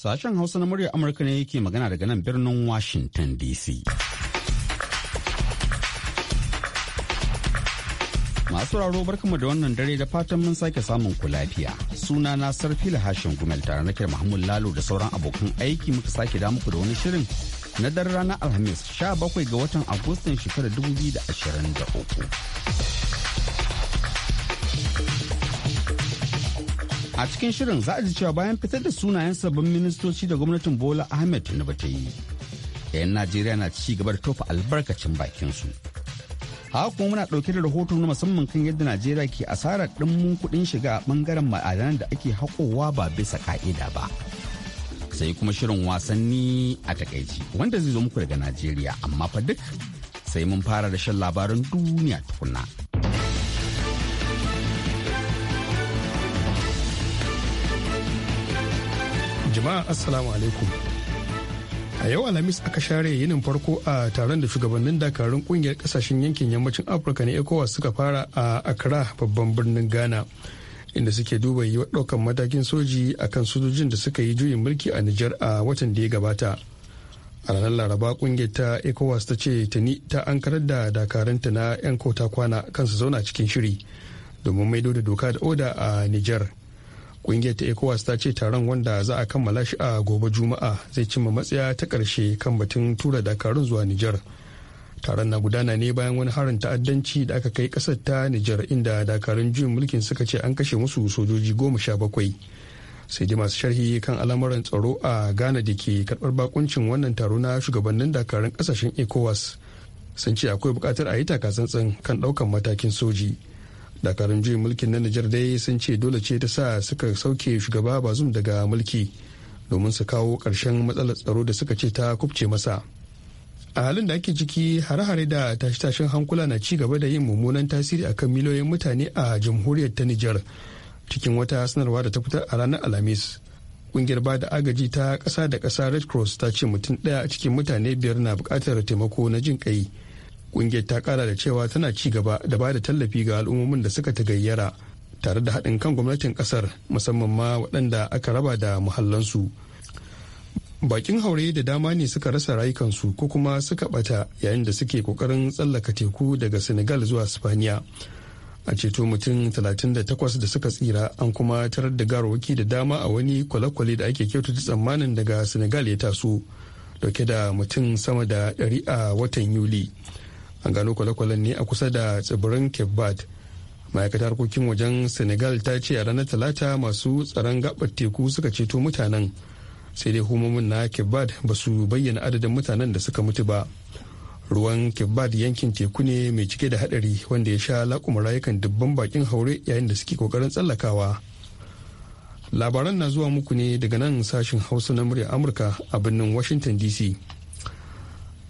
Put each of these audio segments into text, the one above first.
Sashen Hausa na muryar Amurka ne yake magana daga nan birnin Washington DC. Masu raro barkanmu da wannan dare da fatan mun sake samun ku lafiya. Suna na Sarfila Hashin Gumel tare na Mahmud Lalo da sauran abokan aiki muka sake da muku da wani shirin na dan ranar alhamis 17 ga watan agustan shekarar 2023 a cikin shirin za a ji cewa bayan fitar da sunayen sabbin ministoci da gwamnatin bola ahmed na bata yi 'yan najeriya na ci gaba da tofa albarkacin bakinsu haka kuma muna ɗauke da rahoto na musamman kan yadda najeriya ke asarar ɗin kudin shiga a ɓangaren ma'adanan da ake haƙowa ba bisa ka'ida ba sai kuma shirin wasanni a takaici wanda zai zo muku daga Najeriya amma fa duk sai mun fara da shan labaran duniya tukuna. Jama'a Assalamu alaikum. A yau Alhamis aka share yinin farko a taron da shugabannin dakarun kungiyar kasashen yankin yammacin Afirka na ECOWAS suka fara a Accra babban birnin Ghana. inda suke duba yi ɗaukan matakin soji a kan sojojin da suka yi juyin mulki a Nijar a watan da ya gabata. A ranar Laraba kungiyar ta ECOWAS ta ce tuni ta ankarar da dakaranta na 'yan kota kwana kansu zauna cikin shiri domin maido da doka da oda a Nijar. Kungiyar ta ECOWAS ta ce taron wanda za a kammala shi a gobe Juma'a zai cimma matsaya ta ƙarshe kan batun tura dakarun zuwa Nijar. taron na gudana ne bayan wani harin ta'addanci da aka kai kasar ta nijar inda dakarun juyin mulkin suka ce an kashe musu sojoji goma sha bakwai sai dai masu sharhi kan al'amuran tsaro a ghana da ke karbar bakuncin wannan taro na shugabannin dakarun kasashen ecowas sun ce akwai bukatar a yi takatsantsan kan daukan matakin soji dakarun juyin mulkin na nijar dai sun ce dole ce ta sa suka sauke shugaba bazum daga mulki domin su kawo karshen matsalar tsaro da suka ce ta kubce masa a halin da ake ciki hare-hare da tashe-tashen hankula na ci gaba da yin mummunan tasiri akan miliyoyin mutane a jamhuriyar ta Nijar cikin wata sanarwa da ta fitar a ranar Alhamis. Kungiyar ba da agaji ta kasa da kasa Red Cross ta ce mutum ɗaya cikin mutane biyar na bukatar taimako na jin kai Kungiyar ta ƙara da cewa tana ci gaba da ba da tallafi ga al'ummomin da suka ta gayyara tare da haɗin kan gwamnatin ƙasar musamman ma waɗanda aka raba da muhallansu. su. bakin haure da dama ne suka rasa rayukansu ko kuma suka bata yayin da suke kokarin tsallaka teku daga senegal zuwa spaniya a ceto mutum 38 da suka tsira an kuma tarar da garowaki da dama a wani kwale-kwale da ake kyautata tsammanin daga senegal ya taso dauke da mutum sama da 100 a watan yuli an gano kwale-kwalen ne a kusa da tsibirin cape ma'aikatar harkokin wajen senegal ta ce a ranar talata masu tsaron gabar teku suka ceto mutanen sai dai hukumomin na kibbad ba su bayyana adadin mutanen da suka mutu ba ruwan kibbad yankin teku ne mai cike da hadari wanda ya sha lakuma rayukan dubban bakin haure yayin da suke kokarin tsallakawa labaran na zuwa muku ne daga nan sashen hausa na murya amurka a birnin washington dc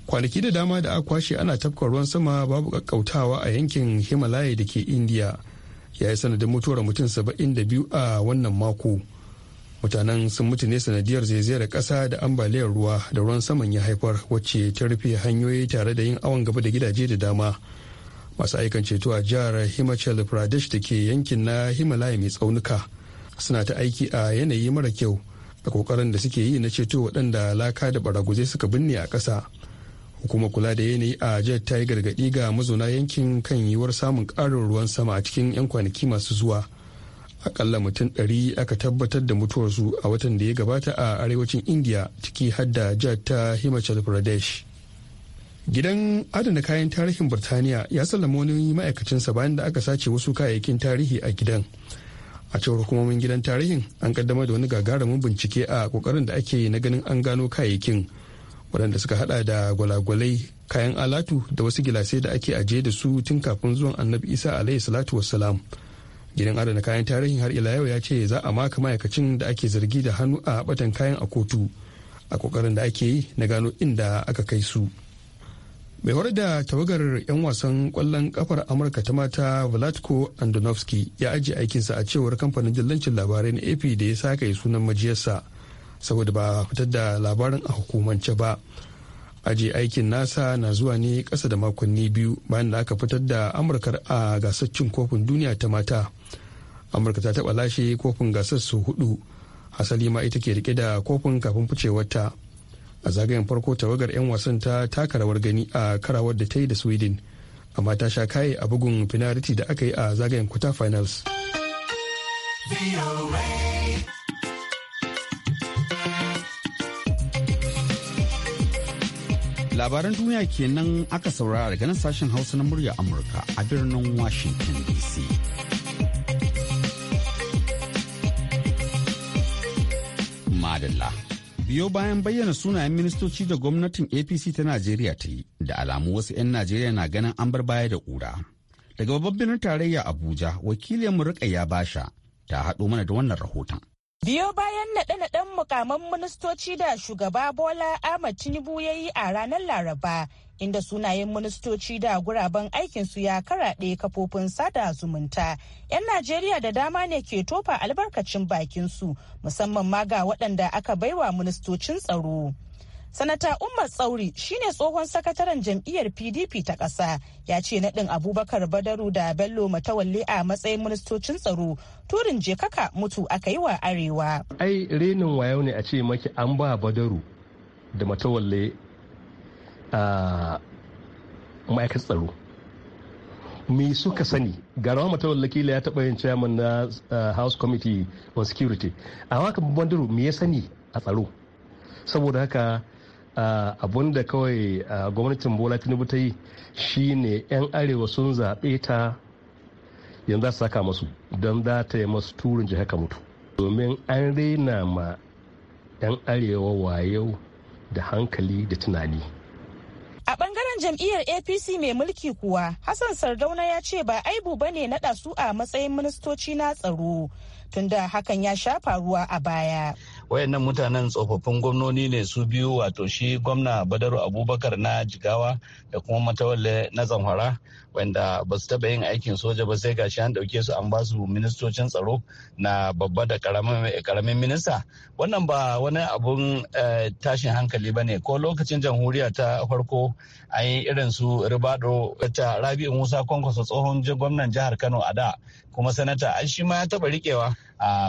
kwanaki da dama da aka kwashe ana tafka ruwan sama babu kakkautawa a yankin himalaya da ke indiya ya yi sanadin mutuwar mutum saba'in da biyu a wannan mako. mutanen sun mutu ne sanadiyar zaizayar kasa da ambaliyar ruwa da ruwan saman ya haifar wacce ta rufe hanyoyi tare da yin awon gaba da gidaje da dama masu aikan ceto a jihar himachal pradesh da ke yankin na himalaya mai tsaunuka suna ta aiki a yanayi mara kyau da kokarin da suke yi na ceto waɗanda laka da baraguzai suka binne a ƙasa hukumar kula da yanayi a jihar ta yi gargaɗi ga mazauna yankin kan yiwuwar samun ƙarin ruwan sama a cikin 'yan kwanaki masu zuwa akalla mutum 100 aka tabbatar da mutuwarsu a watan da ya gabata a arewacin indiya ciki hadda jihar ta himachal pradesh gidan adana kayan tarihin birtaniya ya sallama wani ma'aikacinsa bayan da aka sace wasu kayayyakin tarihi a gidan a cewar hukumomin gidan tarihin an kaddamar da wani gagarumin bincike a kokarin da ake na ganin an gano kayayyakin waɗanda suka hada da gwalagwalai kayan alatu da wasu gilasai da ake ajiye da su tun kafin zuwan annabi isa alaihi salatu wassalam gidan adana kayan tarihin har ila yau ya ce za a maka ma'aikacin da ake zargi da hannu a batan kayan a kotu a kokarin da ake yi na gano inda aka kai su mai horar da tawagar 'yan wasan kwallon kafar amurka ta mata vladko andonovsky ya ajiye aikinsa a cewar kamfanin dillancin labarai na ap da ya saka sunan majiyarsa saboda ba a fitar da labarin a hukumance ba aji aikin nasa na zuwa ne kasa da makonni biyu bayan da aka fitar da amurkar a gasar cin kofin duniya ta mata amurka ta taba lashe kofin gasar su hudu asali ma ita ke rike da kofin kafin ficewarta a zagayen farko tawagar 'yan wasan ta taka rawar gani a karawar da ta yi da sweden amma ta sha kaye a bugun finality da aka yi a zagayen quarter finals labaran duniya kenan aka saurara daga nan sashen hausa na murya amurka a birnin washington dc Madalla. Biyo bayan bayyana sunayen ministoci da gwamnatin APC ta Najeriya ta yi, da alamu wasu 'yan Najeriya na ganin an bar baya da ƙura. Daga babban birnin tarayya Abuja, wakilin mu ya Basha ta haɗo mana da wannan rahoton. Biyo bayan naɗe-naɗen mukaman ministoci da shugaba Bola Ahmad Tinubu ya yi a ranar Laraba, inda sunayen ministoci da guraben aikinsu ya karaɗe kafofin sada zumunta. 'Yan Najeriya da dama ne ke tofa albarkacin bakinsu musamman ma ga waɗanda aka baiwa ministocin tsaro. Sanata Umar Tsauri shine tsohon sakataren jam'iyyar PDP ta ƙasa ya ce naɗin Abubakar Badaru da Bello Matawalle a matsayin ministocin tsaro turin jekaka mutu aka yi wa arewa. Ai renin wayo ne a ce maki an ba Badaru da Matawalle Ah, ma'aikatar tsaro me suka sani garawa matawallaki ya taɓa yin chairman na ah, house committee on security a amma babban duru me ya sani a tsaro saboda haka ah, abun da kawai gwamnatin bola tinubu ta yi shine 'yan arewa sun zaɓe ta yanzu za su saka masu don za ta yi masu turin jihar ka mutu domin an raina ma 'yan arewa wayo da hankali da tunani jam'iyyar apc mai mulki kuwa hassan sardauna ya ce ba aibu ba ne naɗa su a matsayin ministoci na tsaro tunda hakan ya sha faruwa a baya wayannan mutanen tsofaffin gwamnoni ne su biyu wato shi gwamna badaru abubakar na jigawa da kuma matawalle na zamfara wanda ba su taɓa yin aikin soja ba sai gashi an ɗauke su an ba su ministocin tsaro na babba da karamin minista wannan ba wani abun eh, tashin hankali ba ne ko lokacin jamhuriya ta farko an yi irin su ribado ta rabi'u musa kwankwasa tsohon gwamnan jihar kano a da kuma sanata a shi ma ya taba rikewa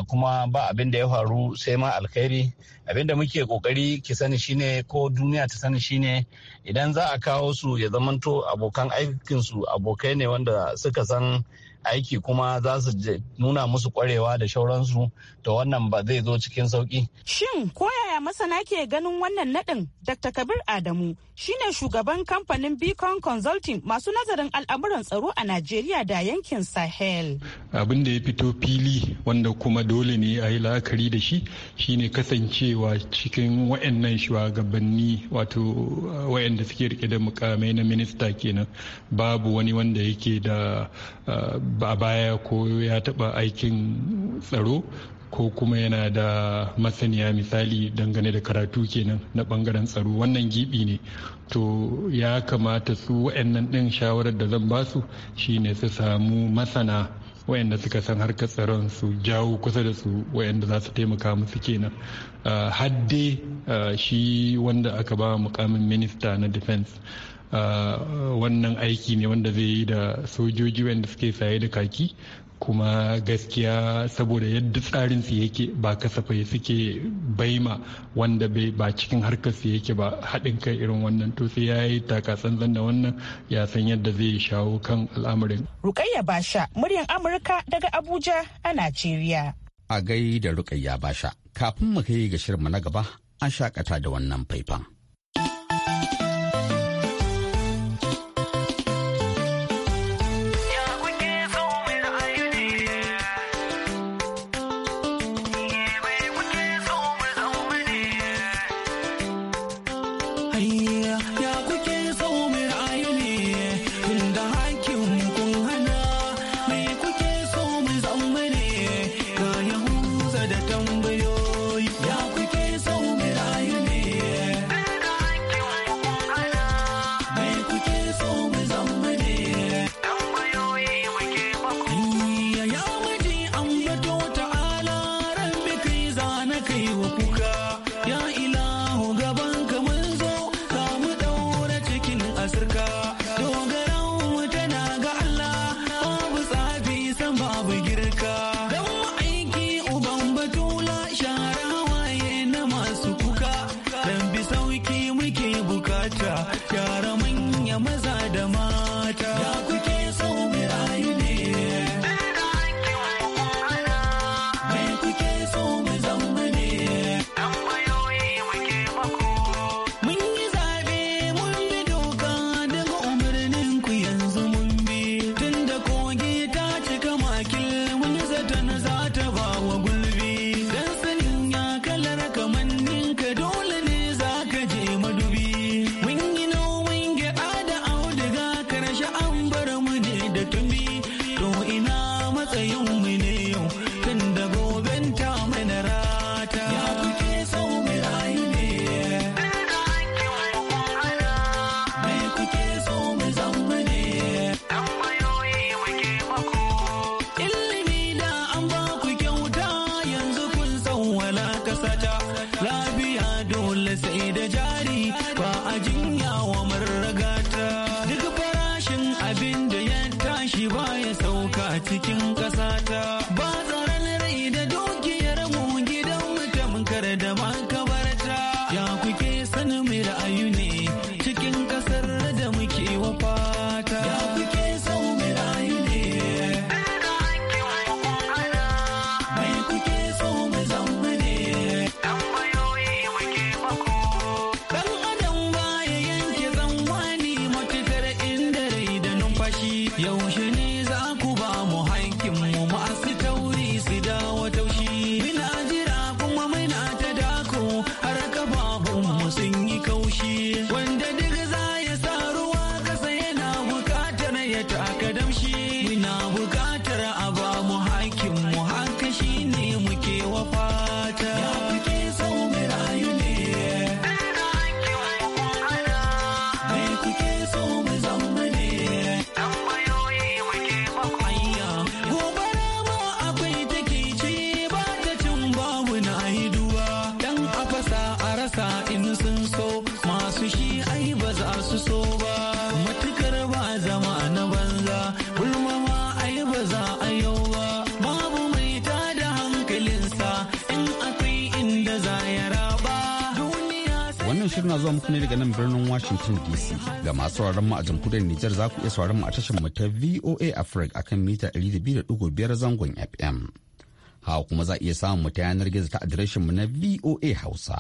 kuma ba abin da ya faru sai ma alkhairi abin da muke kokari ki sani shine ko duniya ta sani shine idan za a kawo su ya zamanto abokan aikinsu abokai ne wanda suka san aiki kuma za su nuna musu kwarewa da shauransu to wannan ba zai zo cikin sauki shin koya masana ke ganin wannan nadin Dr. Kabir Adamu shine shugaban kamfanin Beacon Consulting masu nazarin al'amuran tsaro a Najeriya da yankin Sahel. Abin da ya fito fili wanda kuma dole ne a yi la'akari da shi shine kasancewa cikin wayannan shugabanni wato wayanda suke rike da mukamai na minista kenan babu wani wanda yake da a baya ko ya taba aikin tsaro ko kuma yana da masaniya misali dangane da karatu kenan na bangaren tsaro wannan gibi ne to ya kamata su wa'annan ɗin shawarar da zan basu shine su samu masana da suka san harkar tsaron su jawo kusa da su da za su taimaka musu kenan ah, hadde ah, shi wanda aka ba mukamin minista na defense ah, wannan aiki ne wanda zai yi da sojoji wayanda suke saye da kaki kuma gaskiya saboda yadda tsarin su yake ba kasafai suke baima wanda bai ba cikin harkar su yake ba haɗin kai irin wannan to sai ya yi takatsantsan da wannan ya san yadda zai shawo kan al'amarin. Rukayya Basha muryar Amurka daga Abuja a Najeriya. A gai da Rukayya Basha kafin mu kai ga shirma na gaba an shakata da wannan faifan. muku ne daga nan birnin Washington DC. Ga masu sauraron mu a jamhuriyar Nijar za ku iya sauraron mu a tashar mu ta VOA Africa akan mita 200.5 zangon FM. Hawa kuma za iya samun mu ta yanar gizo ta adireshin mu na VOA Hausa.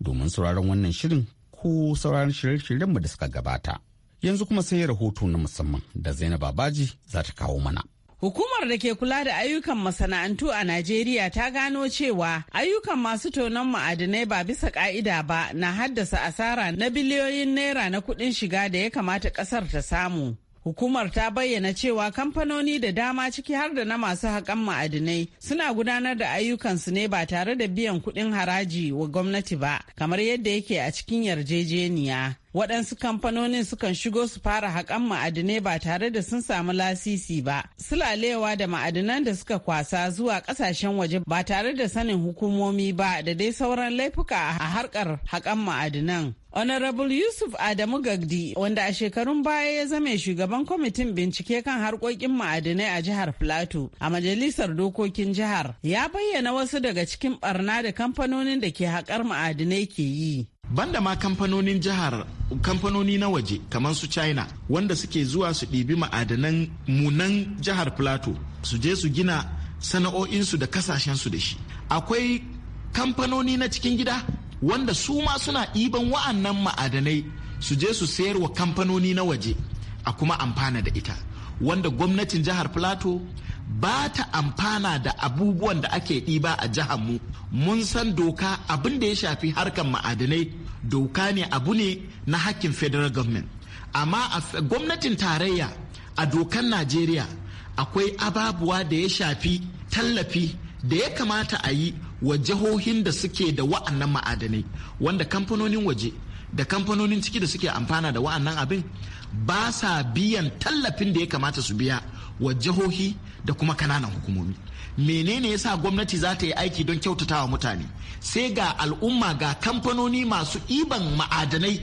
Domin sauraron wannan shirin ko sauraron shirye-shiryen mu da suka gabata. Yanzu kuma sai rahoto na musamman da Zainab Babaji za ta kawo mana. Hukumar da ke kula da ayyukan masana'antu a Najeriya ta gano cewa ayyukan masu tonon ma'adinai ba bisa ka'ida ba na haddasa asara na biliyoyin naira na kuɗin shiga da ya kamata ƙasar ta samu. Hukumar ta bayyana cewa kamfanoni da dama ciki har da na masu haƙan ma'adinai suna gudanar da ayyukansu ne ba tare da biyan kuɗin haraji wa gwamnati ba, kamar yadda yake a cikin yarjejeniya. waɗansu kamfanonin sukan shigo su fara haƙan ma'adinai ba tare da sun samu lasisi ba sulalewa da ma'adinan da suka kwasa zuwa ƙasashen waje ba tare da sanin hukumomi ba da dai sauran laifuka a harkar haƙan ma'adinan Honorable Yusuf Adamu Gagdi, wanda a shekarun baya ya zame shugaban kwamitin bincike kan harkokin ma'adinai a jihar Filato a majalisar dokokin jihar, ya bayyana wasu daga cikin barna da kamfanonin da ke haƙar ma'adinai ke yi. banda ma kamfanonin jihar kamfanoni na waje kamar su china wanda suke zuwa su ɗibi ma'adanan munan jihar plato su je su gina sana'o'insu da kasashensu da shi akwai kamfanoni na cikin gida wanda su ma suna ɗiban wa'annan ma'adanai su je su sayarwa kamfanoni na waje a kuma amfana da ita wanda gwamnatin jihar plato ba ta amfana da abubuwan da ake ɗiba a jihar mu mun san doka abin da ya shafi harkar ma'adanai doka ne abu ne na hakkin federal government amma a gwamnatin tarayya a dokan najeriya akwai ababuwa da ya shafi tallafi da ya kamata a yi wa jihohin da suke da wa'annan ma'adanai wanda kamfanonin waje da kamfanonin ciki da suke amfana da wa'annan abin ba sa biyan tallafin da ya kamata su biya wa jihohi da kuma kananan hukumomi menene yasa gwamnati za ta yi aiki don kyautata wa mutane sai ga al'umma ga kamfanoni masu iban ma'adanai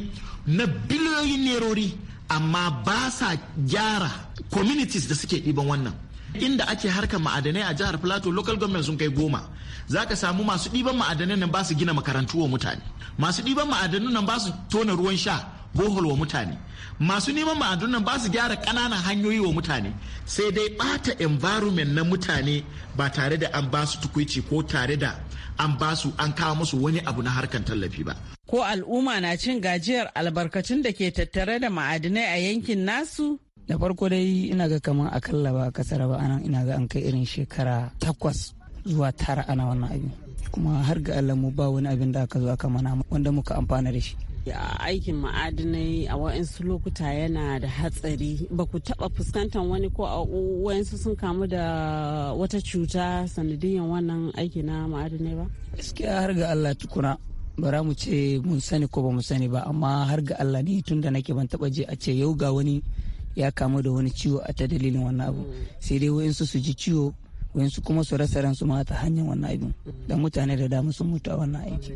na biliyoyin nerori amma ba sa gyara communities da suke iban wannan inda ake harkar ma'adanai a jihar plateau local government sun kai goma za ka samu masu ɗiban ma'adanan nan ba su gina makarantu wa mutane masu ɗiban ma'adanan nan ba su tona ruwan sha bohol wa mutane masu neman ma'adunan ba su gyara ƙananan hanyoyi wa mutane sai dai ɓata environment na mutane ba tare da an ba su tukuici ko tare da an ba su an kawo musu wani abu na harkar tallafi ba. Ko al'umma na cin gajiyar albarkatun da ke tattare da ma'adinai a yankin nasu? Da farko dai ina ga kamar kalla ba kasar ba anan ina ga an kai irin shekara takwas zuwa tara ana wannan abin. Kuma har ga Allah mu ba wani abin da aka zo aka mana wanda muka amfana da shi. aikin ma'adinai a wa'insu lokuta yana da hatsari ba ku taba fuskantar wani ko a wa'insu sun kamu da wata cuta sanadiyan wannan aiki na ma'adinai ba gaskiya har ga allah tukuna bara mu ce mun sani ko ba mu sani ba amma har ga allah ni tun da nake ban taba je a ce yau ga wani ya kamu da wani ciwo a ta dalilin wannan abu sai dai wa'insu su ji ciwo wa'insu kuma su rasa ransu ma ta hanyar wannan abin da mutane da dama sun mutu a wannan aiki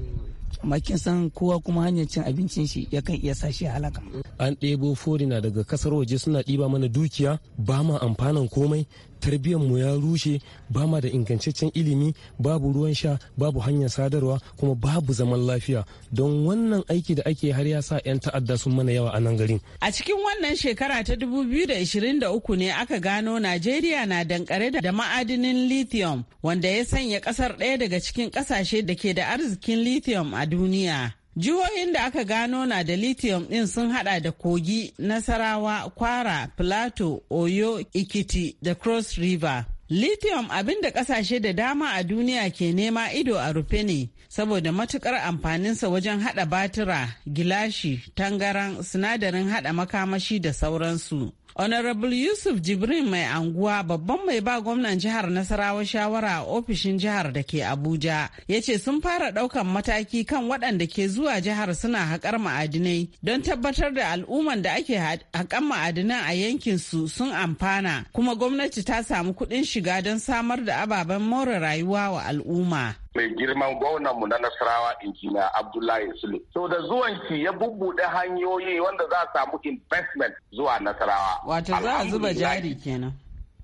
makin san kowa kuma hanyar cin abincin shi yakan iya sa shi halaka an ɗebo forina daga kasar waje suna ɗiba mana dukiya ba ma amfanan komai tarbiyyar mu ya rushe ba ma da ingantaccen ilimi babu ruwan sha babu hanyar sadarwa kuma babu zaman lafiya don wannan aiki da ake har ya sa 'yan ta'adda sun mana yawa a nan garin a cikin wannan shekara ta dubu da uku ne aka gano najeriya na dankare da ma'adinin lithium wanda ya sanya kasar ɗaya daga cikin ƙasashe da ke da arzikin lithium a duniya. Jihohin da aka gano na da lithium ɗin sun hada da Kogi, Nasarawa, Kwara, Plateau, Oyo, Ikiti da Cross River. Lithium abinda da kasashe da dama a duniya ke nema ido a rufe ne saboda matukar amfaninsa wajen hada batira, gilashi, tangaran, sinadarin hada makamashi da sauransu. Honorable Yusuf Jibrin mai anguwa babban mai ba gwamnan jihar Nasarawa shawara a ofishin jihar da ke Abuja ya ce sun fara daukan mataki kan waɗanda ke zuwa jihar suna haƙar ma'adinai don tabbatar da al'umman da ake haƙan ma'adinan a yankinsu sun amfana kuma gwamnati ta samu kuɗin shiga don samar da ababen more rayuwa wa al'umma. mai girman gwamnanmu na nasarawa injiniya abdullahi sule so da zuwan ki ya bubbuɗe hanyoyi wanda za a samu investment zuwa nasarawa wato za a zuba jari kenan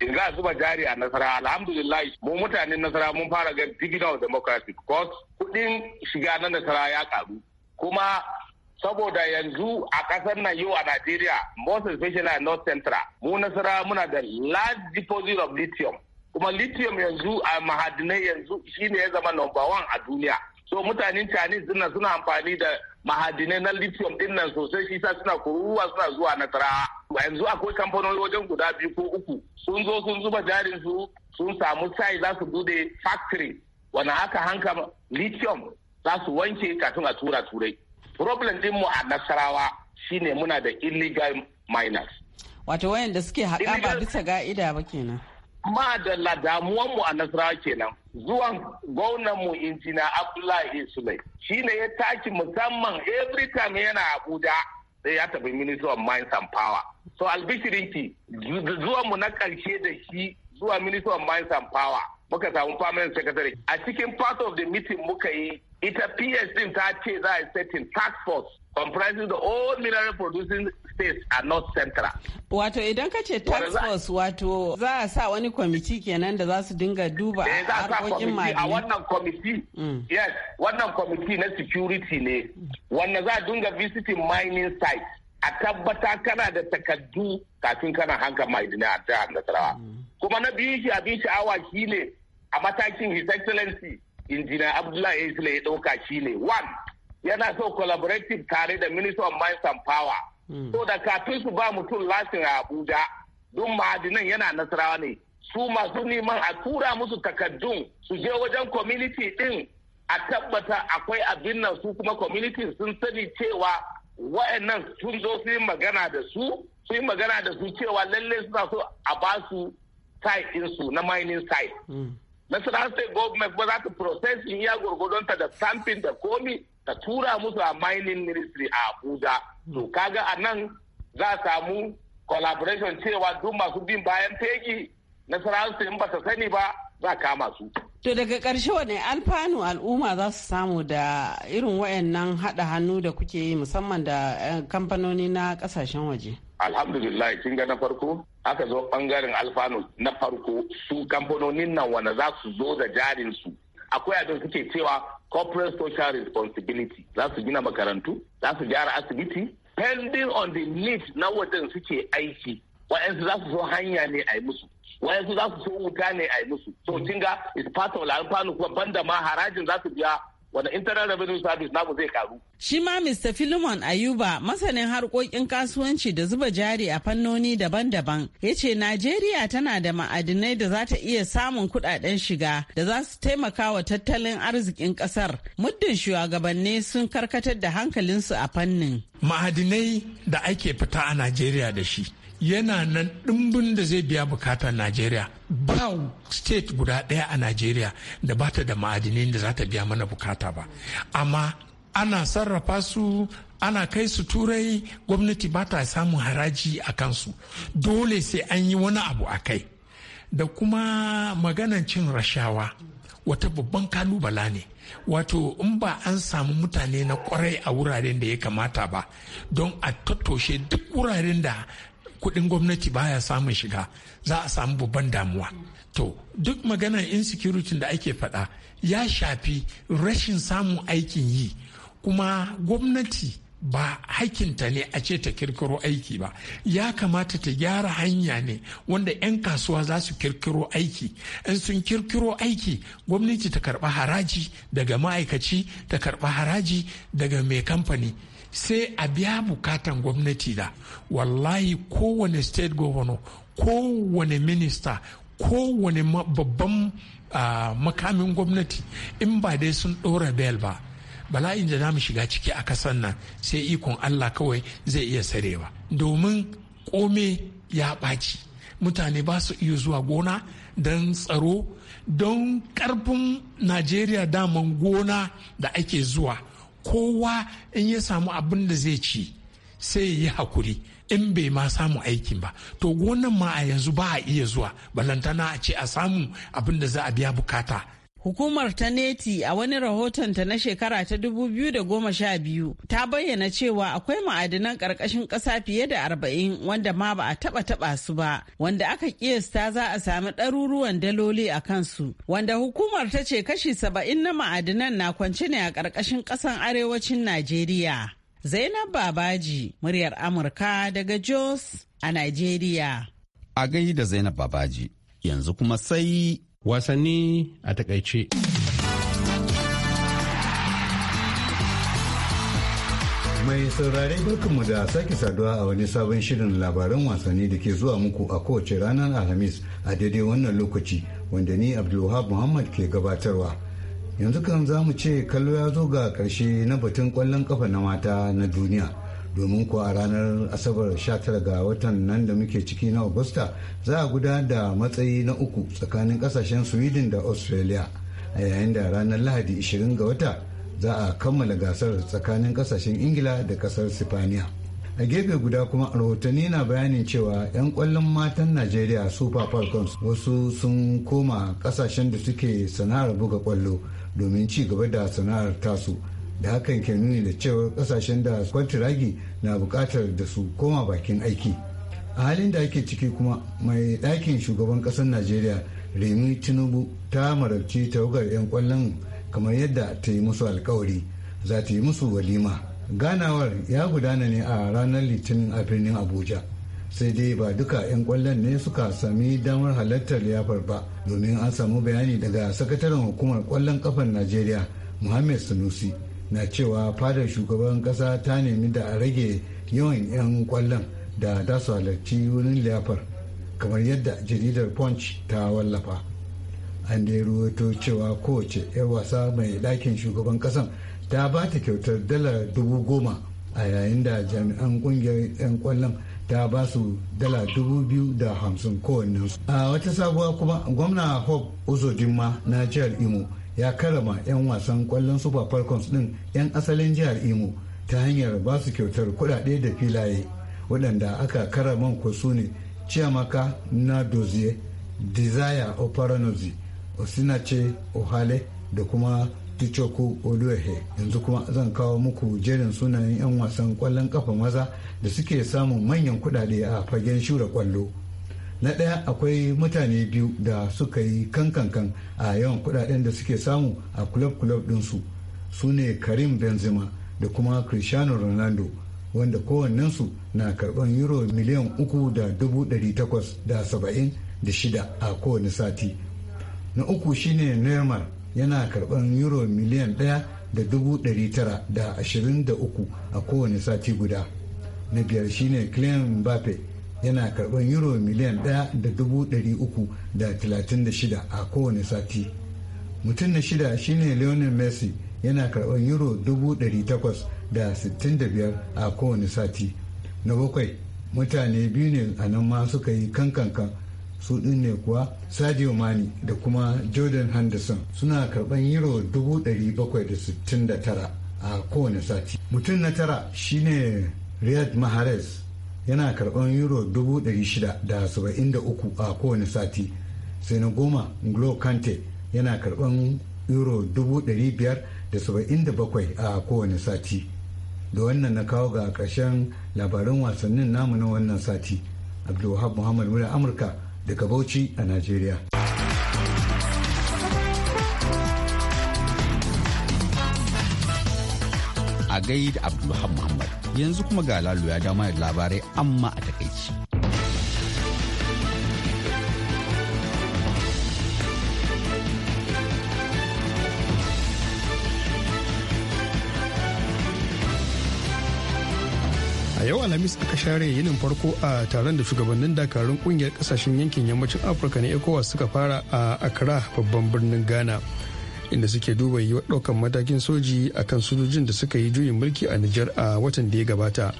in za a zuba jari a nasara alhamdulillah mu mutanen nasara mun fara ga digital Democratic because kudin shiga na nasara ya karu kuma saboda yanzu a kasar nan yau a Najeriya most especially a North Central mu nasara muna da large deposit of lithium kuma lithium yanzu a mahadinai yanzu shine ya zama number one a duniya so mutanen Chinese dinnan suna amfani da mahadinai na lithium dinnan sosai shi sa suna kururuwa suna zuwa nasara yanzu akwai kamfanoni wajen guda biyu ko uku sun zo sun zuba jarin su sun samu sai za su bude factory wani haka hanka lithium za su wanke kafin a tura turai problem din mu a nasarawa shine muna da illegal miners wato wayanda suke haƙa ba bisa ga'ida ba kenan ma da damuwan a nasarawa kenan zuwan gwamnanmu mu injina abdullahi isulai shine ya taki musamman every time yana abuja sai ya tafi ministry of mines and power so albishirinki zuwan mu na ƙarshe da shi zuwa ministry of mines and power muka samu permanent secretary a cikin part of the meeting muka yi ita ps din ta ce za a setting tax force comprising the all mineral producing states are north central. Wato idan ka ce tax force wato za a sa wani kwamiti kenan da za su dinga duba eh, a harkokin mali. A wannan kwamiti, mm. yes, wannan kwamiti na security ne, wanda za a dinga visiting mining sites. A tabbata kana da takaddu kafin kana hanka ma'idinai a jihar Nasarawa. Mm. Kuma na biyu shi abin sha'awa shi ne a matakin His Excellency injina abdullahi isla ya ɗauka shi ne one yana so collaborative tare da minister of mines and power hmm. so da kafin su ba mutum lasin a abuja don ma'adinan yana nasarawa ne su masu neman a tura musu takaddun su je wajen community din a tabbata akwai abin nan su kuma community sun sani cewa wa'annan sun zo su yi magana da su su yi magana da su cewa lallai suna so a ba su site su na mining site hmm. nasarar state government ba za ta in iya gwargwadonta da stamping da komi ta tura musu a mining ministry a abuja to kaga a nan za a samu collaboration cewa duk masu bin bayan fegi na state in ba ta sani ba za kama su. To daga karshe wane alfanu al'umma za su samu da irin wayannan haɗa hannu da kuke yi musamman da eh, kamfanoni na ƙasashen waje? Alhamdulillah kin ga na farko aka zo ɓangaren alfanu na farko su kamfanonin nan wanda za su zo da jarin su. Akwai abin suke cewa corporate social responsibility za su gina makarantu, za su gyara asibiti, pending on the need na wajen suke aiki. Wa'yansu za su zo hanya ne a yi musu. wayan su za su so wuta ne a yi musu so mm-hmm. ga is part of alfanu kuma banda ma harajin za su biya wanda internal revenue service naku zai karu. Shi ma Mr. Philemon Ayuba masanin harkokin kasuwanci da zuba jari a fannoni daban-daban ya ce Najeriya tana da ma'adinai da za ta iya samun kudaden shiga da za su taimaka wa tattalin arzikin kasar muddin shugabanni sun karkatar da hankalinsu a fannin. Ma'adinai da ake fita a Najeriya da shi yana nan ɗimbin da zai biya bukatar najeriya ba state guda ɗaya a najeriya da ba ta da ma'adinai da za ta biya mana bukata ba amma ana sarrafa su ana kai su turai gwamnati ba ta samun haraji a kansu dole sai an yi wani abu a kai da kuma maganan cin rashawa wata babban kalubala ne wato in ba an samu mutane na kwarai a wuraren da ya kamata ba don a tattoshe duk wuraren da kudin gwamnati baya samun shiga za a samu babban damuwa to duk maganar insecurity da ake faɗa ya shafi rashin samun aikin yi kuma gwamnati ba hakinta ne a ce ta kirkiro aiki ba ya kamata ta gyara hanya ne wanda 'yan kasuwa za su kirkiro aiki in sun kirkiro aiki gwamnati ta karba haraji daga ma'aikaci ta karba haraji daga mai kamfani sai a biya bukatan gwamnati da wallahi kowane state governor kowane minista kowane babban ah, makamin gwamnati in ba dai sun ɗora bel ba bala'in da mu shiga ciki a kasan nan sai ikon allah kawai zai iya sarewa domin kome ya ɓaci mutane ba su iya zuwa gona don tsaro don ƙarfin najeriya daman gona da ake zuwa kowa in ya samu abin da zai ci sai ya yi hakuri in bai ma samu aikin ba to gonan ma a yanzu ba a iya zuwa balantana a ce a samu abin da za a biya bukata Hukumar ta Neti a wani rahotonta na shekara ta 2012 ta bayyana cewa akwai ma'adinan ƙarƙashin ƙasa fiye da 40 wanda ma ba a taɓa taɓa su ba, wanda aka ƙiyasta za a sami ɗaruruwan daloli a kansu, wanda hukumar ta ce kashi 70 na ma'adinan na kwance ne a ƙarƙashin ƙasan arewacin Najeriya. Zainab Babaji, muryar Amurka daga Jos a Najeriya. A gai da Zainab Babaji, yanzu kuma sai wasanni a takaice. mai saurare barkanmu da sake saduwa a wani sabon shirin labaran wasanni da ke zuwa muku a kowace ranar alhamis a daidai wannan lokaci wanda ni abdulwahab muhammad ke gabatarwa yanzu kan zamu ce kallo ya zo ga karshe na batun kwallon kafa na mata na duniya domin ko a ranar asabar 19 ga watan nan da muke ciki na agusta za a gudanar da matsayi na uku tsakanin kasashen sweden da australia a yayin da ranar lahadi 20 ga wata za a kammala gasar tsakanin kasashen ingila da kasar sifaniya a gefe guda kuma a rahotanni na bayanin cewa 'yan kwallon matan najeriya super falcons wasu sun koma kasashen da suke sana'ar buga kwallo domin ci gaba da sana'ar tasu da hakan ke nuni da cewa kasashen da kwantiragi na bukatar da su koma bakin aiki a halin da ake ciki kuma mai dakin shugaban ƙasar najeriya remi tinubu ta marabci tawagar 'yan kwallon kamar yadda ta yi musu alkawari za ta yi musu walima ganawar ya gudana ne a ranar litinin a birnin abuja sai dai ba duka 'yan kwallon ne suka sami damar halartar liyafar ba domin an samu bayani daga sakataren hukumar kwallon kafar najeriya muhammad sanusi na cewa fadar shugaban kasa ta nemi da a rage yawan 'yan kwallon da ta halarci wurin liyafar kamar yadda jaridar punch ta wallafa an dai ruwato cewa kowace 'yar wasa mai ɗakin shugaban kasan ta ba ta kyautar dala dubu goma a yayin da jami'an kungiyar 'yan kwallon ta ba su dala dubu biyu da hamsin kowannensu. a wata sabuwa kuma gwamna hope uzodinma na jihar imo ya karama 'yan wasan kwallon super falcons din 'yan asalin jihar imo ta hanyar ba su kyautar kudade da filaye waɗanda aka karaman ku su ne chiamaka na dozie desire oparanozi osinace ohale da kuma tichoku oluehe yanzu kuma zan kawo muku jerin sunayen 'yan wasan kwallon kafa maza da suke samun manyan kudade a fagen shura kwallo na ɗaya akwai mutane biyu da suka yi kankankan a yawan kudaden da suke samu a kulob-kulob ɗinsu su ne karim benzema da kuma cristiano ronaldo wanda kowannensu na karban euro miliyan uku da dubu da saba'in da shida a kowane sati na uku shine neymar yana karban euro miliyan ɗaya da dubu da ashirin da uku a kowane sati guda na biyar shine clem mbappe yana karɓar euro miliyan ɗaya da dubu da talatin da shida a kowane sati mutum na shida shine lionel messi yana karɓar euro dubu ɗari takwas da sittin biyar a kowane sati na bakwai mutane biyu ne a nan ma suka yi kankankan su ɗin ne kuwa sadio mani da kuma jordan henderson suna karɓar euro dubu ɗari bakwai da sittin da tara a kowane sati mutum na tara shine riyad mahrez yana karban euro 673 a kowane sati sai na goma glo kante yana karban euro 577 a kowane sati da wannan na kawo ga karshen labaran wasannin namu na wannan sati abdulwahab muhammad mura amurka daga bauchi a nigeria. a da Abdulham Muhammad. Yanzu kuma ga Lalo ya dama da labarai amma a takaici. a yau alhamis aka share yinin farko a taron da shugabannin dakarun kungiyar kasashen yankin yammacin afirka na ecowas suka fara a accra babban birnin ghana inda suke duba yi ɗaukan matakin soji a kan sojojin da suka yi juyin mulki a Nijar a watan da ya gabata.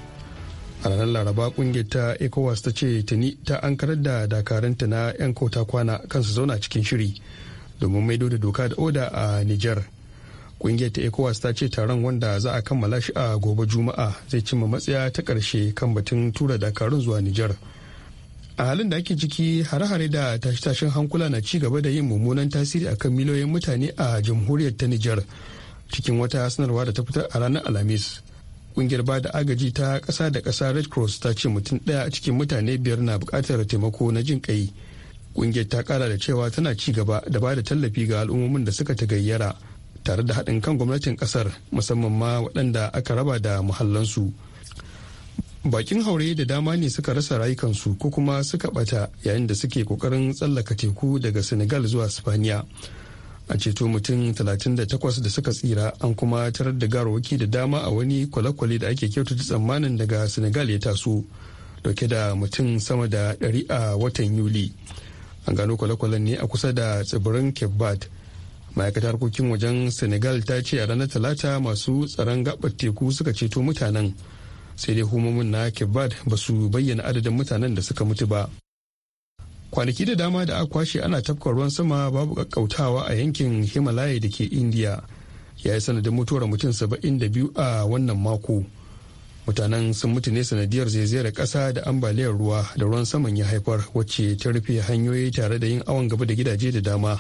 A ranar Laraba kungiyar ta ECOWAS ta ce tuni ta ankarar da dakaranta na 'yan kota kwana kan su zauna cikin shiri domin maido da doka da oda a Nijar. Kungiyar ta ECOWAS ta ce taron wanda za a kammala shi a gobe Juma'a zai cimma matsaya ta ƙarshe kan batun tura dakarun zuwa Nijar. a halin da ake ciki hare-hare da tashe-tashen hankula na ci gaba da yin mummunan tasiri a kan miliyoyin mutane a jamhuriyar ta nijar cikin wata sanarwa da ta fitar a ranar alhamis kungiyar ba da agaji ta kasa da kasa red cross ta ce mutum daya a cikin mutane biyar na bukatar taimako na jin kai kungiyar ta kara da cewa tana ci gaba da ba da tallafi ga al'ummomin da suka ta gayyara tare da haɗin kan gwamnatin kasar musamman ma waɗanda aka raba da muhallansu. su bakin haure da dama ne suka rasa rayukansu ko kuma suka bata yayin da suke kokarin tsallaka teku daga senegal zuwa spaniya a ceto mutum 38 da suka tsira an kuma tarar da garwaki da dama a wani kwale-kwale da ake kyautata tsammanin daga senegal ya taso dauke da mutum sama da 100 a watan yuli an gano kwale-kwalen ne a kusa da tsibirin cape verde ma'aikatar harkokin wajen senegal ta ce a ranar talata masu tsaron gabar teku suka ceto mutanen sai dai hukumomin na kebbad ba su bayyana adadin mutanen da suka mutu ba kwanaki da dama da aka kwashe ana tafka ruwan sama babu kakkautawa a yankin himalaya da ke indiya ya yi sanadin mutuwar mutum saba'in da biyu a wannan mako mutanen sun mutu ne sanadiyar zaizayar kasa da ambaliyar ruwa da ruwan saman ya haifar wacce ta rufe hanyoyi tare da yin awon gaba da gidaje da dama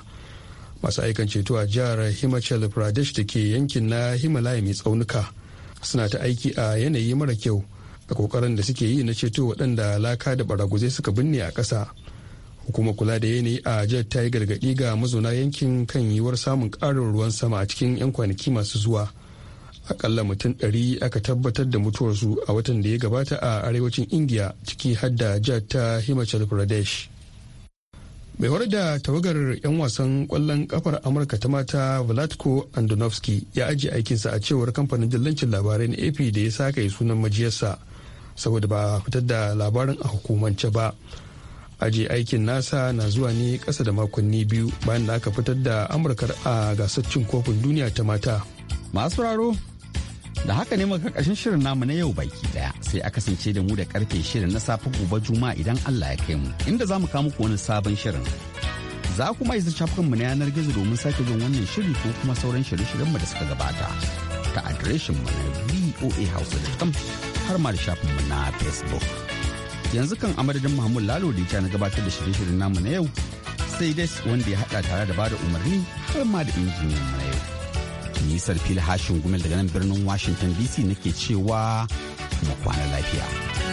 masu aikan ceto a jihar himachal pradesh da ke yankin na himalaya mai tsaunuka suna ta aiki a yanayi mara kyau a kokarin da suke yi na ceto waɗanda laka da baraguzai suka binne a ƙasa hukumar kula da yanayi a jihar ta yi gargaɗi ga mazauna yankin kan yiwuwar samun ƙarin ruwan sama a cikin 'yan kwanaki masu zuwa akalla mutum ɗari aka tabbatar da mutuwarsu a watan da ya gabata a arewacin indiya ciki hadda jihar ta himachal pradesh mai horar da tawagar 'yan wasan kwallon kafar amurka ta mata vladko andonovski ya ajiye aikinsa a cewar kamfanin dillancin labarai na ap da ya saka yi sunan majiyarsa saboda ba fitar da labarin a hukumance ba ajiye aikin nasa na zuwa ne kasa da makonni biyu bayan da aka fitar da amurkar a gasar cin kofin duniya ta mata masu raro da haka ne muka ƙarshen shirin namu na yau baki daya sai a kasance da mu da karfe shirin na safe gobe juma'a idan Allah ya kai mu inda zamu mu kawo muku wani sabon shirin za kuma isa shafukan mu na yanar gizo domin sake jin wannan shiri ko kuma sauran shirin shiryen mu da suka gabata ta adireshin mu na voahausa.com har ma da shafin mu na facebook yanzu kan amadadin mahmud lalo da yake na gabatar da shirye shirin namu na yau sai dai wanda ya haɗa tare da bada umarni har ma da injiniyan mu na yau nisar fili hashin gumel daga nan birnin washington dc nake cewa mu kwana lafiya